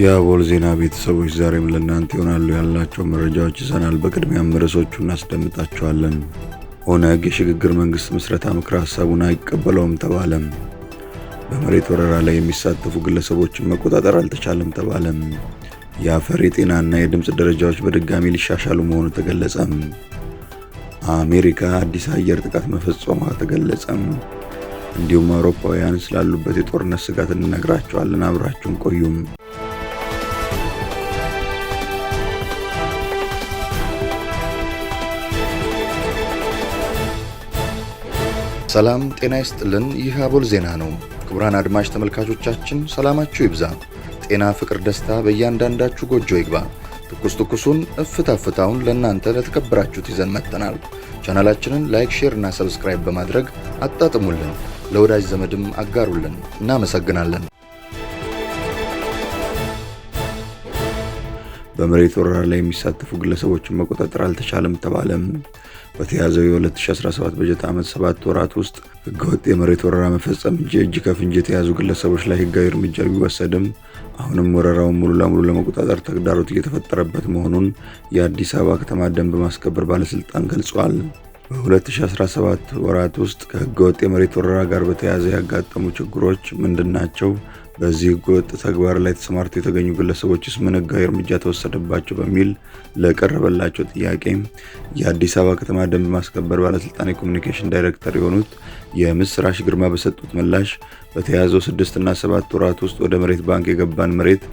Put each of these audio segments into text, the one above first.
የአቦል ዜና ቤተሰቦች ዛሬም ለእናንተ ይሆናሉ ያላቸው መረጃዎች ይዘናል። በቅድሚያም ርዕሶቹ እናስደምጣቸዋለን። ኦነግ የሽግግር መንግስት ምስረታ ምክረ ሀሳቡን አይቀበለውም ተባለም። በመሬት ወረራ ላይ የሚሳተፉ ግለሰቦችን መቆጣጠር አልተቻለም ተባለም። የአፈር የጤናና የድምፅ ደረጃዎች በድጋሚ ሊሻሻሉ መሆኑ ተገለጸም። አሜሪካ አዲስ አየር ጥቃት መፈጸሟ ተገለጸም። እንዲሁም አውሮፓውያን ስላሉበት የጦርነት ስጋት እንነግራቸዋለን። አብራችሁን ቆዩም። ሰላም ጤና ይስጥልን። ይህ አቦል ዜና ነው። ክቡራን አድማጭ ተመልካቾቻችን ሰላማችሁ ይብዛ፣ ጤና፣ ፍቅር፣ ደስታ በእያንዳንዳችሁ ጎጆ ይግባ። ትኩስ ትኩሱን እፍታ ፍታውን ለእናንተ ለተከበራችሁት ይዘን መጥተናል። ቻናላችንን ላይክ፣ ሼር እና ሰብስክራይብ በማድረግ አጣጥሙልን፣ ለወዳጅ ዘመድም አጋሩልን። እናመሰግናለን። በመሬት ወረራ ላይ የሚሳተፉ ግለሰቦችን መቆጣጠር አልተቻለም ተባለም። በተያዘው የ2017 በጀት ዓመት ሰባት ወራት ውስጥ ህገወጥ የመሬት ወረራ መፈጸም እንጂ እጅ ከፍንጅ የተያዙ ግለሰቦች ላይ ህጋዊ እርምጃ ቢወሰድም አሁንም ወረራውን ሙሉ ለሙሉ ለመቆጣጠር ተግዳሮት እየተፈጠረበት መሆኑን የአዲስ አበባ ከተማ ደንብ ማስከበር ባለስልጣን ገልጿል። በ2017 ወራት ውስጥ ከህገወጥ የመሬት ወረራ ጋር በተያያዘ ያጋጠሙ ችግሮች ናቸው? በዚህ ህገወጥ ተግባር ላይ ተሰማርተው የተገኙ ግለሰቦችስ ምን ህጋዊ እርምጃ ተወሰደባቸው? በሚል ለቀረበላቸው ጥያቄ የአዲስ አበባ ከተማ ደንብ ማስከበር ባለስልጣን የኮሚኒኬሽን ዳይሬክተር የሆኑት የምስራሽ ግርማ በሰጡት ምላሽ በተያዘው ስድስትና ሰባት ወራት ውስጥ ወደ መሬት ባንክ የገባን መሬት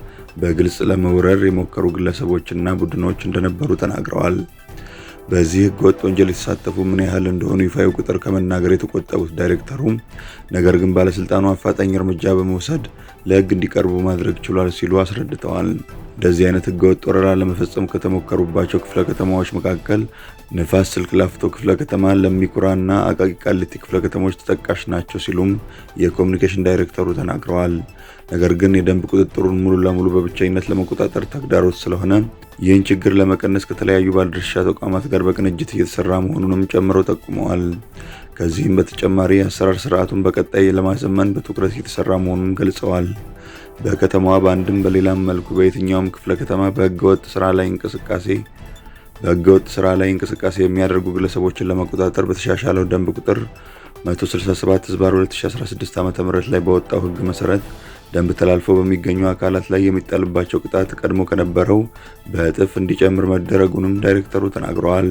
በግልጽ ለመውረር የሞከሩ ግለሰቦችና ቡድኖች እንደነበሩ ተናግረዋል። በዚህ ህገወጥ ወንጀል የተሳተፉ ምን ያህል እንደሆኑ ይፋዊ ቁጥር ከመናገር የተቆጠቡት ዳይሬክተሩም ነገር ግን ባለስልጣኑ አፋጣኝ እርምጃ በመውሰድ ለህግ እንዲቀርቡ ማድረግ ችሏል ሲሉ አስረድተዋል። እንደዚህ አይነት ህገወጥ ወረራ ለመፈጸም ከተሞከሩባቸው ክፍለ ከተማዎች መካከል ንፋስ ስልክ ላፍቶ ክፍለ ከተማ፣ ለሚኩራና አቃቂ ቃሊቲ ክፍለ ከተሞች ተጠቃሽ ናቸው ሲሉም የኮሚኒኬሽን ዳይሬክተሩ ተናግረዋል። ነገር ግን የደንብ ቁጥጥሩን ሙሉ ለሙሉ በብቸኝነት ለመቆጣጠር ተግዳሮት ስለሆነ ይህን ችግር ለመቀነስ ከተለያዩ ባለድርሻ ተቋማት ጋር በቅንጅት እየተሰራ መሆኑንም ጨምረው ጠቁመዋል። ከዚህም በተጨማሪ አሰራር ስርዓቱን በቀጣይ ለማዘመን በትኩረት እየተሰራ መሆኑን ገልጸዋል። በከተማዋ በአንድም በሌላም መልኩ በየትኛውም ክፍለ ከተማ በህገወጥ ስራ ላይ እንቅስቃሴ በህገወጥ ስራ ላይ እንቅስቃሴ የሚያደርጉ ግለሰቦችን ለመቆጣጠር በተሻሻለው ደንብ ቁጥር 167 ዝባር 2016 ዓ.ም ላይ በወጣው ህግ መሰረት ደንብ ተላልፎ በሚገኙ አካላት ላይ የሚጣልባቸው ቅጣት ቀድሞ ከነበረው በእጥፍ እንዲጨምር መደረጉንም ዳይሬክተሩ ተናግረዋል።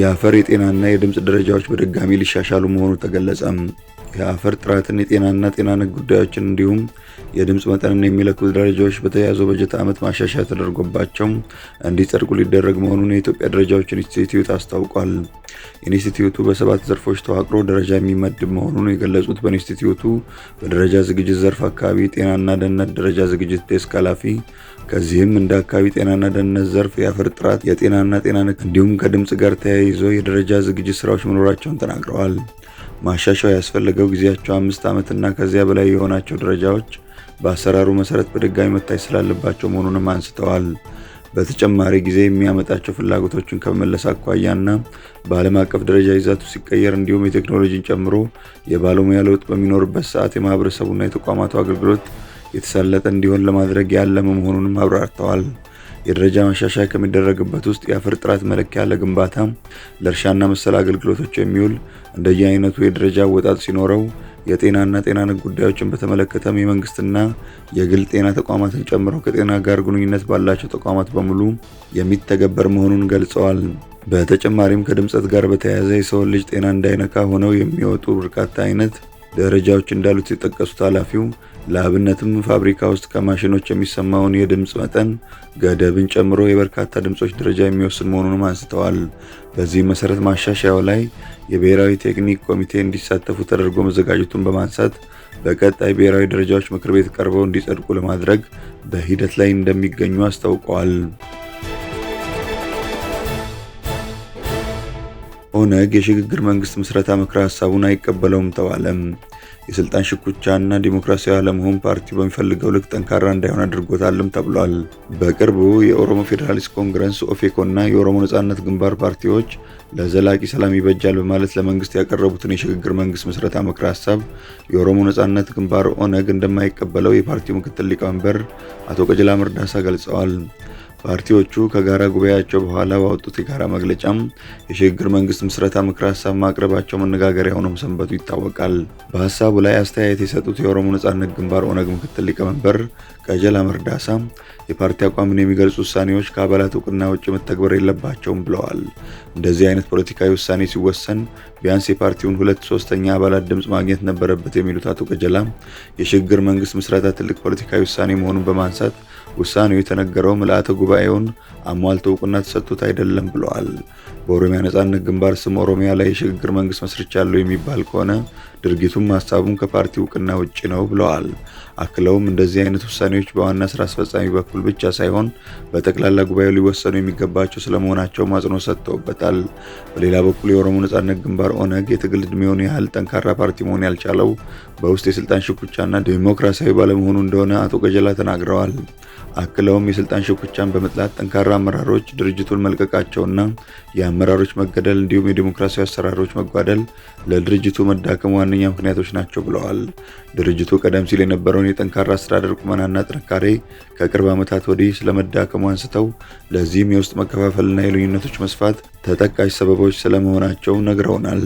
የአፈር የጤናና የድምፅ ደረጃዎች በድጋሚ ሊሻሻሉ መሆኑ ተገለጸም። የአፈር ጥራትን የጤናና ጤና ነክ ጉዳዮችን እንዲሁም የድምፅ መጠንን የሚለኩ ደረጃዎች በተያያዘው በጀት ዓመት ማሻሻያ ተደርጎባቸው እንዲጸድቁ ሊደረግ መሆኑን የኢትዮጵያ ደረጃዎች ኢንስቲትዩት አስታውቋል። ኢንስቲትዩቱ በሰባት ዘርፎች ተዋቅሮ ደረጃ የሚመድብ መሆኑን የገለጹት በኢንስቲትዩቱ በደረጃ ዝግጅት ዘርፍ አካባቢ ጤናና ደህንነት ደረጃ ዝግጅት ዴስክ ኃላፊ ከዚህም እንደ አካባቢ ጤናና ደህንነት ዘርፍ፣ የአፈር ጥራት፣ የጤናና ጤና ነክ እንዲሁም ከድምፅ ጋር ተያይዞ የደረጃ ዝግጅት ስራዎች መኖራቸውን ተናግረዋል። ማሻሻያው ያስፈለገው ጊዜያቸው አምስት ዓመትና ከዚያ በላይ የሆናቸው ደረጃዎች በአሰራሩ መሰረት በድጋሚ መታየት ስላለባቸው መሆኑንም አንስተዋል። በተጨማሪ ጊዜ የሚያመጣቸው ፍላጎቶችን ከመመለስ አኳያና በዓለም አቀፍ ደረጃ ይዛቱ ሲቀየር እንዲሁም የቴክኖሎጂን ጨምሮ የባለሙያ ለውጥ በሚኖርበት ሰዓት የማህበረሰቡና የተቋማቱ አገልግሎት የተሳለጠ እንዲሆን ለማድረግ ያለመ መሆኑንም አብራርተዋል። የደረጃ ማሻሻያ ከሚደረግበት ውስጥ የአፈር ጥራት መለኪያ ለግንባታ፣ ለእርሻና መሰል አገልግሎቶች የሚውል እንደየአይነቱ የደረጃ አወጣጥ ሲኖረው የጤናና ጤና ነክ ጉዳዮችን በተመለከተም የመንግስትና የግል ጤና ተቋማትን ጨምሮ ከጤና ጋር ግንኙነት ባላቸው ተቋማት በሙሉ የሚተገበር መሆኑን ገልጸዋል። በተጨማሪም ከድምፀት ጋር በተያያዘ የሰውን ልጅ ጤና እንዳይነካ ሆነው የሚወጡ በርካታ አይነት ደረጃዎች እንዳሉት የጠቀሱት ኃላፊው ለአብነትም ፋብሪካ ውስጥ ከማሽኖች የሚሰማውን የድምፅ መጠን ገደብን ጨምሮ የበርካታ ድምፆች ደረጃ የሚወስን መሆኑንም አንስተዋል። በዚህ መሰረት ማሻሻያው ላይ የብሔራዊ ቴክኒክ ኮሚቴ እንዲሳተፉ ተደርጎ መዘጋጀቱን በማንሳት በቀጣይ ብሔራዊ ደረጃዎች ምክር ቤት ቀርበው እንዲጸድቁ ለማድረግ በሂደት ላይ እንደሚገኙ አስታውቀዋል። ኦነግ የሽግግር መንግስት ምስረታ ምክረ ሀሳቡን አይቀበለውም ተባለም። የስልጣን ሽኩቻና ዲሞክራሲያዊ አለመሆን ፓርቲ በሚፈልገው ልክ ጠንካራ እንዳይሆን አድርጎታልም ተብሏል። በቅርቡ የኦሮሞ ፌዴራሊስት ኮንግረስ ኦፌኮና የኦሮሞ ነጻነት ግንባር ፓርቲዎች ለዘላቂ ሰላም ይበጃል በማለት ለመንግስት ያቀረቡትን የሽግግር መንግስት ምስረታ ምክረ ሀሳብ የኦሮሞ ነጻነት ግንባር ኦነግ እንደማይቀበለው የፓርቲው ምክትል ሊቀመንበር አቶ ቀጀላ መርዳሳ ገልጸዋል። ፓርቲዎቹ ከጋራ ጉባኤያቸው በኋላ ባወጡት የጋራ መግለጫም የሽግግር መንግስት ምስረታ ምክር ሀሳብ ማቅረባቸው መነጋገሪያ ሆኖም ሰንበቱ ይታወቃል። በሀሳቡ ላይ አስተያየት የሰጡት የኦሮሞ ነጻነት ግንባር ኦነግ ምክትል ሊቀመንበር ቀጀላ መርዳሳ የፓርቲ አቋምን የሚገልጹ ውሳኔዎች ከአባላት እውቅና ውጭ መተግበር የለባቸውም ብለዋል። እንደዚህ አይነት ፖለቲካዊ ውሳኔ ሲወሰን ቢያንስ የፓርቲውን ሁለት ሶስተኛ አባላት ድምፅ ማግኘት ነበረበት የሚሉት አቶ ቀጀላ የሽግግር መንግስት ምስረታ ትልቅ ፖለቲካዊ ውሳኔ መሆኑን በማንሳት ውሳኔው የተነገረው ምልአተ ጉባኤውን አሟልቶ እውቅና ተሰጥቶት አይደለም ብለዋል። በኦሮሚያ ነጻነት ግንባር ስም ኦሮሚያ ላይ የሽግግር መንግስት መስርቻለሁ የሚባል ከሆነ ድርጊቱም ሀሳቡም ከፓርቲ እውቅና ውጭ ነው ብለዋል። አክለውም እንደዚህ አይነት ውሳኔዎች በዋና ስራ አስፈጻሚ በኩል ብቻ ሳይሆን በጠቅላላ ጉባኤው ሊወሰኑ የሚገባቸው ስለመሆናቸው ማጽኖ ሰጥተውበታል። በሌላ በኩል የኦሮሞ ነጻነት ግንባር ኦነግ የትግል ዕድሜውን ያህል ጠንካራ ፓርቲ መሆን ያልቻለው በውስጥ የስልጣን ሽኩቻና ዲሞክራሲያዊ ባለመሆኑ እንደሆነ አቶ ገጀላ ተናግረዋል። አክለውም የስልጣን ሽኩቻን በመጥላት ጠንካራ አመራሮች ድርጅቱን መልቀቃቸውና የአመራሮች መገደል እንዲሁም የዲሞክራሲያዊ አሰራሮች መጓደል ለድርጅቱ መዳከም ዋነኛ ምክንያቶች ናቸው ብለዋል። ድርጅቱ ቀደም ሲል የነበረውን የጠንካራ አስተዳደር ቁመናና ጥንካሬ ከቅርብ ዓመታት ወዲህ ስለመዳከሙ አንስተው ለዚህም የውስጥ መከፋፈልና የልዩነቶች መስፋት ተጠቃሽ ሰበቦች ስለመሆናቸው ነግረውናል።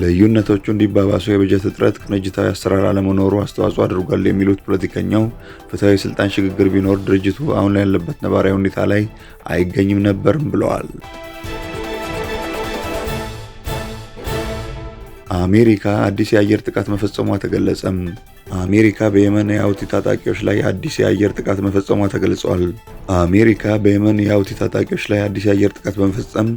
ልዩነቶቹ እንዲባባሱ የበጀት እጥረት፣ ቅንጅታዊ አሰራር አለመኖሩ አስተዋጽኦ አድርጓል የሚሉት ፖለቲከኛው ፍትሐዊ ስልጣን ሽግግር ቢኖር ድርጅቱ አሁን ላይ ያለበት ነባራዊ ሁኔታ ላይ አይገኝም ነበርም ብለዋል። አሜሪካ አዲስ የአየር ጥቃት መፈጸሟ ተገለጸም። አሜሪካ በየመን የሀውቲ ታጣቂዎች ላይ አዲስ የአየር ጥቃት መፈጸሟ ተገልጿል። አሜሪካ በየመን የሀውቲ ታጣቂዎች ላይ አዲስ የአየር ጥቃት በመፈጸም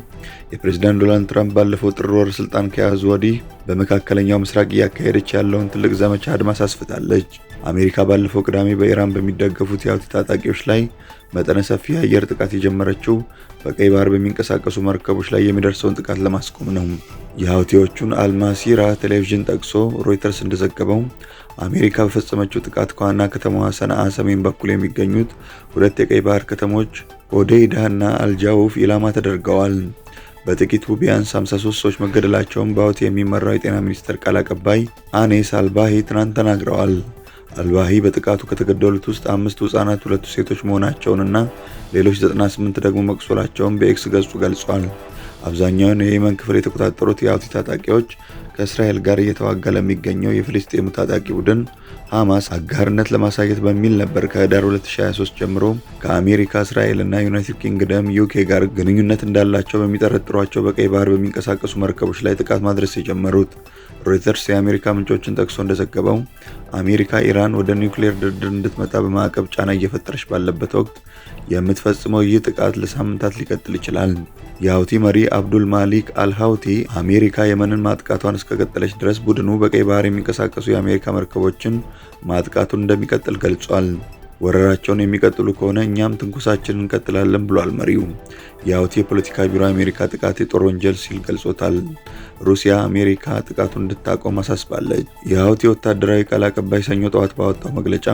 የፕሬዝዳንት ዶናልድ ትራምፕ ባለፈው ጥር ወር ስልጣን ከያዙ ወዲህ በመካከለኛው ምስራቅ እያካሄደች ያለውን ትልቅ ዘመቻ አድማስ አስፍታለች። አሜሪካ ባለፈው ቅዳሜ በኢራን በሚደገፉት የሀውቲ ታጣቂዎች ላይ መጠነ ሰፊ የአየር ጥቃት የጀመረችው በቀይ ባህር በሚንቀሳቀሱ መርከቦች ላይ የሚደርሰውን ጥቃት ለማስቆም ነው። የሀውቲዎቹን አልማሲራ ቴሌቪዥን ጠቅሶ ሮይተርስ እንደዘገበው አሜሪካ በፈጸመችው ጥቃት ከዋና ከተማዋ ሰነአ ሰሜን በኩል የሚገኙት ሁለት የቀይ ባህር ከተሞች እና አልጃውፍ ኢላማ ተደርገዋል። በጥቂቱ ቢያንስ 53 ሰዎች መገደላቸውን በሀውቲ የሚመራው የጤና ሚኒስቴር ቃል አቀባይ አኔ አልባሂ ትናንት ተናግረዋል። አልባሂ በጥቃቱ ከተገደሉት ውስጥ አምስቱ ህጻናት፣ ሁለቱ ሴቶች መሆናቸውንና ሌሎች 98 ደግሞ መቁሰላቸውን በኤክስ ገጹ ገልጿል። አብዛኛውን የየመን ክፍል የተቆጣጠሩት የሁቲ ታጣቂዎች ከእስራኤል ጋር እየተዋጋ ለሚገኘው የፍልስጤሙ ታጣቂ ቡድን ሐማስ አጋርነት ለማሳየት በሚል ነበር ከህዳር 2023 ጀምሮ ከአሜሪካ፣ እስራኤል እና ዩናይትድ ኪንግደም ዩኬ ጋር ግንኙነት እንዳላቸው በሚጠረጥሯቸው በቀይ ባህር በሚንቀሳቀሱ መርከቦች ላይ ጥቃት ማድረስ የጀመሩት። ሮይተርስ የአሜሪካ ምንጮችን ጠቅሶ እንደዘገበው አሜሪካ ኢራን ወደ ኒውክሌር ድርድር እንድትመጣ በማዕቀብ ጫና እየፈጠረች ባለበት ወቅት የምትፈጽመው ይህ ጥቃት ለሳምንታት ሊቀጥል ይችላል። የሀውቲ መሪ አብዱል ማሊክ አልሀውቲ አሜሪካ የመንን ማጥቃቷን እስከቀጠለች ድረስ ቡድኑ በቀይ ባህር የሚንቀሳቀሱ የአሜሪካ መርከቦችን ማጥቃቱን እንደሚቀጥል ገልጿል። ወረራቸውን የሚቀጥሉ ከሆነ እኛም ትንኩሳችንን እንቀጥላለን ብሏል መሪው። የሀውቲ የፖለቲካ ቢሮ አሜሪካ ጥቃት የጦር ወንጀል ሲል ገልጾታል። ሩሲያ አሜሪካ ጥቃቱን እንድታቆም አሳስባለች። የሀውቲ ወታደራዊ ቃል አቀባይ ሰኞ ጠዋት ባወጣው መግለጫ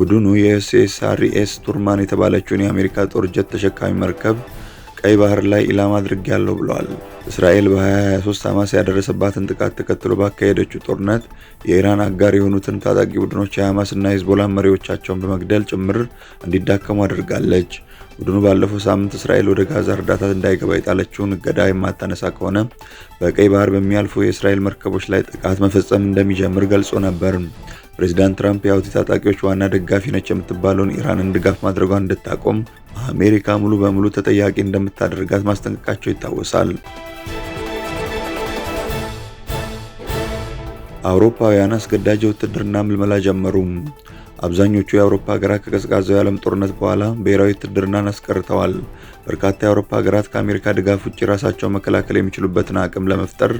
ቡድኑ የኤስኤስአርኤስ ቱርማን የተባለችውን የአሜሪካ ጦር ጀት ተሸካሚ መርከብ ቀይ ባህር ላይ ኢላማ አድርጌ ያለው ብለዋል። እስራኤል በ2023 ሐማስ ያደረሰባትን ጥቃት ተከትሎ ባካሄደችው ጦርነት የኢራን አጋር የሆኑትን ታጣቂ ቡድኖች የሐማስና ሂዝቦላ መሪዎቻቸውን በመግደል ጭምር እንዲዳከሙ አድርጋለች። ቡድኑ ባለፈው ሳምንት እስራኤል ወደ ጋዛ እርዳታ እንዳይገባ የጣለችውን እገዳ የማታነሳ ከሆነ በቀይ ባህር በሚያልፉ የእስራኤል መርከቦች ላይ ጥቃት መፈጸም እንደሚጀምር ገልጾ ነበር። ፕሬዚዳንት ትራምፕ የሀውቲ ታጣቂዎች ዋና ደጋፊ ነች የምትባለውን ኢራንን ድጋፍ ማድረጓን እንድታቆም አሜሪካ ሙሉ በሙሉ ተጠያቂ እንደምታደርጋት ማስጠንቀቃቸው ይታወሳል። አውሮፓውያን አስገዳጅ የውትድርና ምልመላ ጀመሩም። አብዛኞቹ የአውሮፓ ሀገራት ከቀዝቃዛው የዓለም ጦርነት በኋላ ብሔራዊ ውትድርናን አስቀርተዋል። በርካታ የአውሮፓ ሀገራት ከአሜሪካ ድጋፍ ውጭ ራሳቸው መከላከል የሚችሉበትን አቅም ለመፍጠር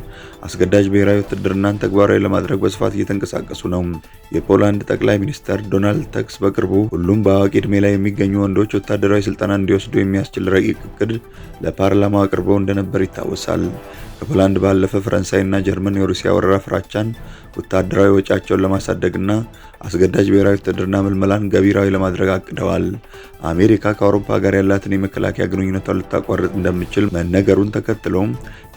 አስገዳጅ ብሔራዊ ውትድርናን ተግባራዊ ለማድረግ በስፋት እየተንቀሳቀሱ ነው። የፖላንድ ጠቅላይ ሚኒስተር ዶናልድ ተክስ በቅርቡ ሁሉም በአዋቂ ዕድሜ ላይ የሚገኙ ወንዶች ወታደራዊ ስልጠና እንዲወስዱ የሚያስችል ረቂቅ እቅድ ለፓርላማው አቅርበው እንደነበር ይታወሳል። ከፖላንድ ባለፈ ፈረንሳይና ጀርመን የሩሲያ ወረራ ፍራቻን ወታደራዊ ወጪያቸውን ለማሳደግና አስገዳጅ ብሔራዊ ውትድርና ምልመላን ገቢራዊ ለማድረግ አቅደዋል። አሜሪካ ከአውሮፓ ጋር ያላትን የመከላከያ ግንኙነቷን ልታቋርጥ እንደምችል መነገሩን ተከትሎም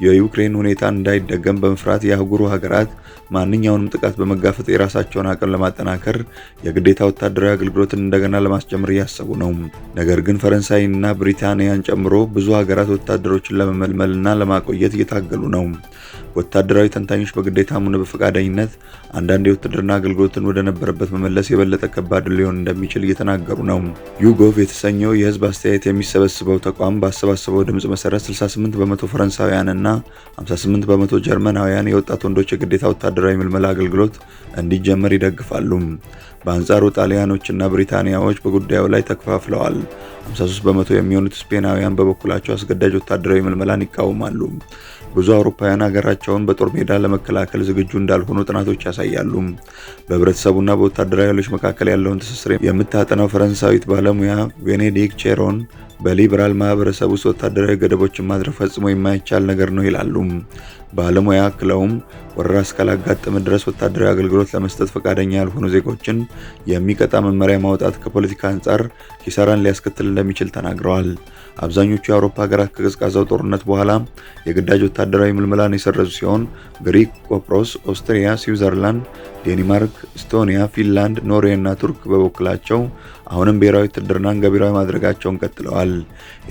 የዩክሬን ሁኔታ እንዳይደገም በመፍራት የአህጉሩ ሀገራት ማንኛውንም ጥቃት በመጋፈጥ የራሳቸውን አቅም ለማጠናከር የግዴታ ወታደራዊ አገልግሎትን እንደገና ለማስጀመር እያሰቡ ነው። ነገር ግን ፈረንሳይና ብሪታንያን ጨምሮ ብዙ ሀገራት ወታደሮችን ለመመልመልና ለማቆየት እየታገሉ ነው። ወታደራዊ ተንታኞች በግዴታም ሆነ በፈቃደኝነት አንዳንድ የውትድርና አገልግሎትን ወደ ነበረበት መመለስ የበለጠ ከባድ ሊሆን እንደሚችል እየተናገሩ ነው። ዩጎቭ የተሰኘው የህዝብ አስተያየት የሚሰበስበው ተቋም ባሰባሰበው ድምፅ መሰረት 68 በመቶ ፈረንሳውያንና እና 58 በመቶ ጀርመናውያን የወጣት ወንዶች የግዴታ ወታደራዊ ምልመላ አገልግሎት እንዲጀመር ይደግፋሉ። በአንጻሩ ጣሊያኖችና ብሪታንያዎች በጉዳዩ ላይ ተከፋፍለዋል። 53 በመቶ የሚሆኑት ስፔናውያን በበኩላቸው አስገዳጅ ወታደራዊ ምልመላን ይቃወማሉ። ብዙ አውሮፓውያን ሀገራቸውን በጦር ሜዳ ለመከላከል ዝግጁ እንዳልሆኑ ጥናቶች ያሳያሉ። በህብረተሰቡና በወታደራዊ ኃይሎች መካከል ያለውን ትስስር የምታጠናው ፈረንሳዊት ባለሙያ ቬኔዲክ ቼሮን በሊበራል ማህበረሰብ ውስጥ ወታደራዊ ገደቦችን ማድረግ ፈጽሞ የማይቻል ነገር ነው ይላሉ ባለሙያ። አክለውም ወረራ እስካላጋጠመ ድረስ ወታደራዊ አገልግሎት ለመስጠት ፈቃደኛ ያልሆኑ ዜጎችን የሚቀጣ መመሪያ ማውጣት ከፖለቲካ አንጻር ኪሳራን ሊያስከትል እንደሚችል ተናግረዋል። አብዛኞቹ የአውሮፓ ሀገራት ከቀዝቃዛው ጦርነት በኋላ የግዳጅ ወታደራዊ ምልመላን የሰረዙ ሲሆን ግሪክ፣ ቆጵሮስ፣ ኦስትሪያ፣ ስዊዘርላንድ፣ ዴንማርክ፣ ስቶኒያ፣ ፊንላንድ፣ ኖርዌይ እና ቱርክ በበኩላቸው አሁንም ብሔራዊ ውትድርናን ገቢራዊ ማድረጋቸውን ቀጥለዋል።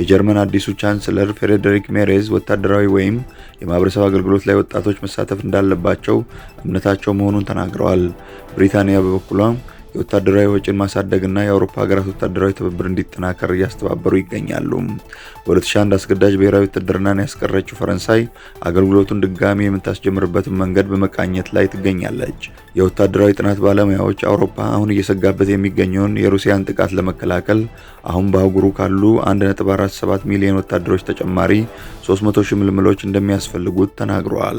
የጀርመን አዲሱ ቻንስለር ፍሬዴሪክ ሜሬዝ ወታደራዊ ወይም የማህበረሰብ አገልግሎት ላይ ወጣቶች መሳተፍ እንዳለባቸው እምነታቸው መሆኑን ተናግረዋል። ብሪታንያ በበኩሏ የወታደራዊ ወጪን ማሳደግና የአውሮፓ ሀገራት ወታደራዊ ትብብር እንዲጠናከር እያስተባበሩ ይገኛሉ። በ2001 አስገዳጅ ብሔራዊ ውትድርናን ያስቀረችው ፈረንሳይ አገልግሎቱን ድጋሚ የምታስጀምርበትን መንገድ በመቃኘት ላይ ትገኛለች። የወታደራዊ ጥናት ባለሙያዎች አውሮፓ አሁን እየሰጋበት የሚገኘውን የሩሲያን ጥቃት ለመከላከል አሁን በአህጉሩ ካሉ 1.47 ሚሊዮን ወታደሮች ተጨማሪ 300 ሺህ ምልምሎች እንደሚያስፈልጉት ተናግረዋል።